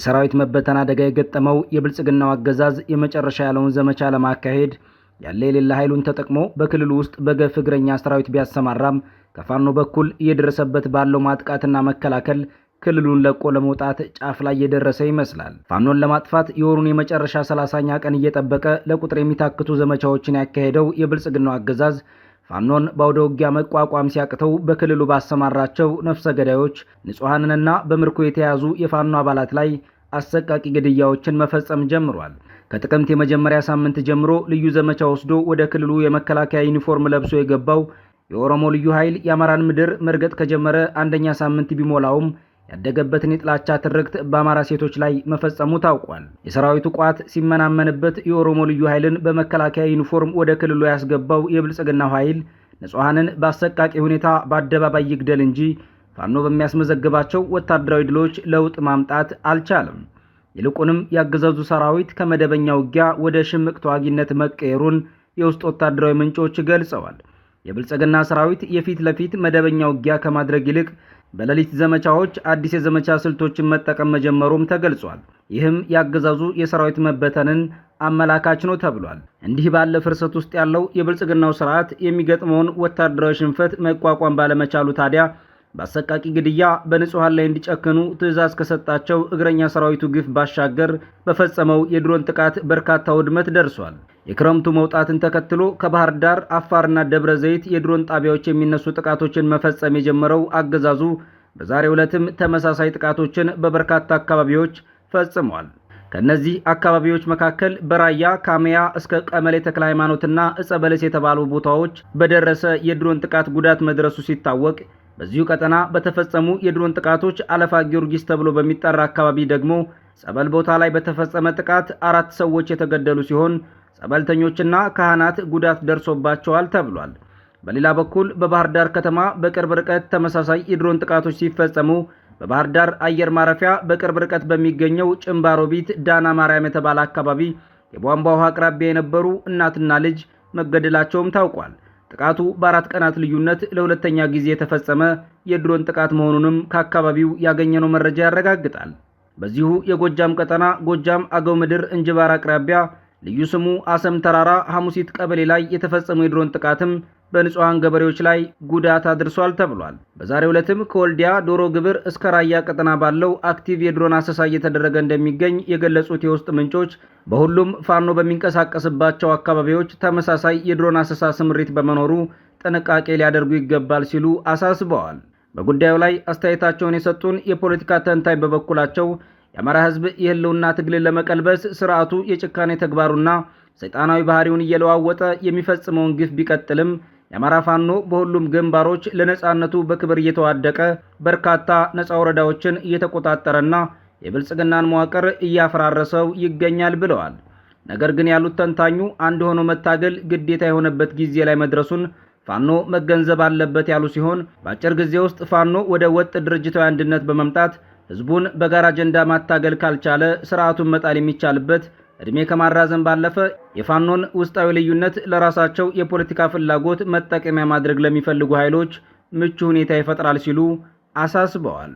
የሰራዊት መበተን አደጋ የገጠመው የብልጽግናው አገዛዝ የመጨረሻ ያለውን ዘመቻ ለማካሄድ ያለ የሌለ ኃይሉን ተጠቅሞ በክልሉ ውስጥ በገፍ እግረኛ ሰራዊት ቢያሰማራም ከፋኖ በኩል እየደረሰበት ባለው ማጥቃትና መከላከል ክልሉን ለቆ ለመውጣት ጫፍ ላይ እየደረሰ ይመስላል። ፋኖን ለማጥፋት የወሩን የመጨረሻ ሰላሳኛ ቀን እየጠበቀ ለቁጥር የሚታክቱ ዘመቻዎችን ያካሄደው የብልጽግናው አገዛዝ ፋኖን በአውደ ውጊያ መቋቋም ሲያቅተው በክልሉ ባሰማራቸው ነፍሰ ገዳዮች ንጹሐንንና በምርኮ የተያዙ የፋኖ አባላት ላይ አሰቃቂ ግድያዎችን መፈጸም ጀምሯል። ከጥቅምት የመጀመሪያ ሳምንት ጀምሮ ልዩ ዘመቻ ወስዶ ወደ ክልሉ የመከላከያ ዩኒፎርም ለብሶ የገባው የኦሮሞ ልዩ ኃይል የአማራን ምድር መርገጥ ከጀመረ አንደኛ ሳምንት ቢሞላውም ያደገበትን የጥላቻ ትርክት በአማራ ሴቶች ላይ መፈጸሙ ታውቋል። የሰራዊቱ ቋት ሲመናመንበት የኦሮሞ ልዩ ኃይልን በመከላከያ ዩኒፎርም ወደ ክልሉ ያስገባው የብልጽግናው ኃይል ንጹሐንን በአሰቃቂ ሁኔታ በአደባባይ ይግደል እንጂ ፋኖ በሚያስመዘግባቸው ወታደራዊ ድሎች ለውጥ ማምጣት አልቻለም። ይልቁንም ያገዛዙ ሰራዊት ከመደበኛ ውጊያ ወደ ሽምቅ ተዋጊነት መቀየሩን የውስጥ ወታደራዊ ምንጮች ገልጸዋል። የብልጽግና ሰራዊት የፊት ለፊት መደበኛ ውጊያ ከማድረግ ይልቅ በሌሊት ዘመቻዎች አዲስ የዘመቻ ስልቶችን መጠቀም መጀመሩም ተገልጿል። ይህም ያገዛዙ የሰራዊት መበተንን አመላካች ነው ተብሏል። እንዲህ ባለ ፍርሰት ውስጥ ያለው የብልጽግናው ስርዓት የሚገጥመውን ወታደራዊ ሽንፈት መቋቋም ባለመቻሉ ታዲያ በአሰቃቂ ግድያ በንጹሐን ላይ እንዲጨክኑ ትዕዛዝ ከሰጣቸው እግረኛ ሰራዊቱ ግፍ ባሻገር በፈጸመው የድሮን ጥቃት በርካታ ውድመት ደርሷል። የክረምቱ መውጣትን ተከትሎ ከባህር ዳር፣ አፋርና ደብረ ዘይት የድሮን ጣቢያዎች የሚነሱ ጥቃቶችን መፈጸም የጀመረው አገዛዙ በዛሬው ዕለትም ተመሳሳይ ጥቃቶችን በበርካታ አካባቢዎች ፈጽሟል። ከእነዚህ አካባቢዎች መካከል በራያ ካሚያ እስከ ቀመሌ ተክለ ሃይማኖትና እጸ በለስ የተባሉ ቦታዎች በደረሰ የድሮን ጥቃት ጉዳት መድረሱ ሲታወቅ በዚሁ ቀጠና በተፈጸሙ የድሮን ጥቃቶች አለፋ ጊዮርጊስ ተብሎ በሚጠራ አካባቢ ደግሞ ጸበል ቦታ ላይ በተፈጸመ ጥቃት አራት ሰዎች የተገደሉ ሲሆን ጸበልተኞችና ካህናት ጉዳት ደርሶባቸዋል ተብሏል። በሌላ በኩል በባህር ዳር ከተማ በቅርብ ርቀት ተመሳሳይ የድሮን ጥቃቶች ሲፈጸሙ በባህር ዳር አየር ማረፊያ በቅርብ ርቀት በሚገኘው ጭንባሮቢት ዳና ማርያም የተባለ አካባቢ የቧንቧ ውሃ አቅራቢያ የነበሩ እናትና ልጅ መገደላቸውም ታውቋል። ጥቃቱ በአራት ቀናት ልዩነት ለሁለተኛ ጊዜ የተፈጸመ የድሮን ጥቃት መሆኑንም ከአካባቢው ያገኘነው መረጃ ያረጋግጣል። በዚሁ የጎጃም ቀጠና ጎጃም አገው ምድር እንጅባር አቅራቢያ ልዩ ስሙ አሰም ተራራ ሐሙሲት ቀበሌ ላይ የተፈጸመው የድሮን ጥቃትም በንጹሐን ገበሬዎች ላይ ጉዳት አድርሷል ተብሏል። በዛሬው ዕለትም ከወልዲያ ዶሮ ግብር እስከ ራያ ቀጠና ባለው አክቲቭ የድሮን አሰሳ እየተደረገ እንደሚገኝ የገለጹት የውስጥ ምንጮች በሁሉም ፋኖ በሚንቀሳቀስባቸው አካባቢዎች ተመሳሳይ የድሮን አሰሳ ስምሪት በመኖሩ ጥንቃቄ ሊያደርጉ ይገባል ሲሉ አሳስበዋል። በጉዳዩ ላይ አስተያየታቸውን የሰጡን የፖለቲካ ተንታኝ በበኩላቸው የአማራ ሕዝብ የህልውና ትግልን ለመቀልበስ ስርዓቱ የጭካኔ ተግባሩና ሰይጣናዊ ባህሪውን እየለዋወጠ የሚፈጽመውን ግፍ ቢቀጥልም የአማራ ፋኖ በሁሉም ግንባሮች ለነፃነቱ በክብር እየተዋደቀ በርካታ ነፃ ወረዳዎችን እየተቆጣጠረና የብልጽግናን መዋቅር እያፈራረሰው ይገኛል ብለዋል። ነገር ግን ያሉት ተንታኙ አንድ ሆኖ መታገል ግዴታ የሆነበት ጊዜ ላይ መድረሱን ፋኖ መገንዘብ አለበት ያሉ ሲሆን በአጭር ጊዜ ውስጥ ፋኖ ወደ ወጥ ድርጅታዊ አንድነት በመምጣት ህዝቡን በጋራ አጀንዳ ማታገል ካልቻለ ስርዓቱን መጣል የሚቻልበት እድሜ ከማራዘን ባለፈ የፋኖን ውስጣዊ ልዩነት ለራሳቸው የፖለቲካ ፍላጎት መጠቀሚያ ማድረግ ለሚፈልጉ ኃይሎች ምቹ ሁኔታ ይፈጥራል ሲሉ አሳስበዋል።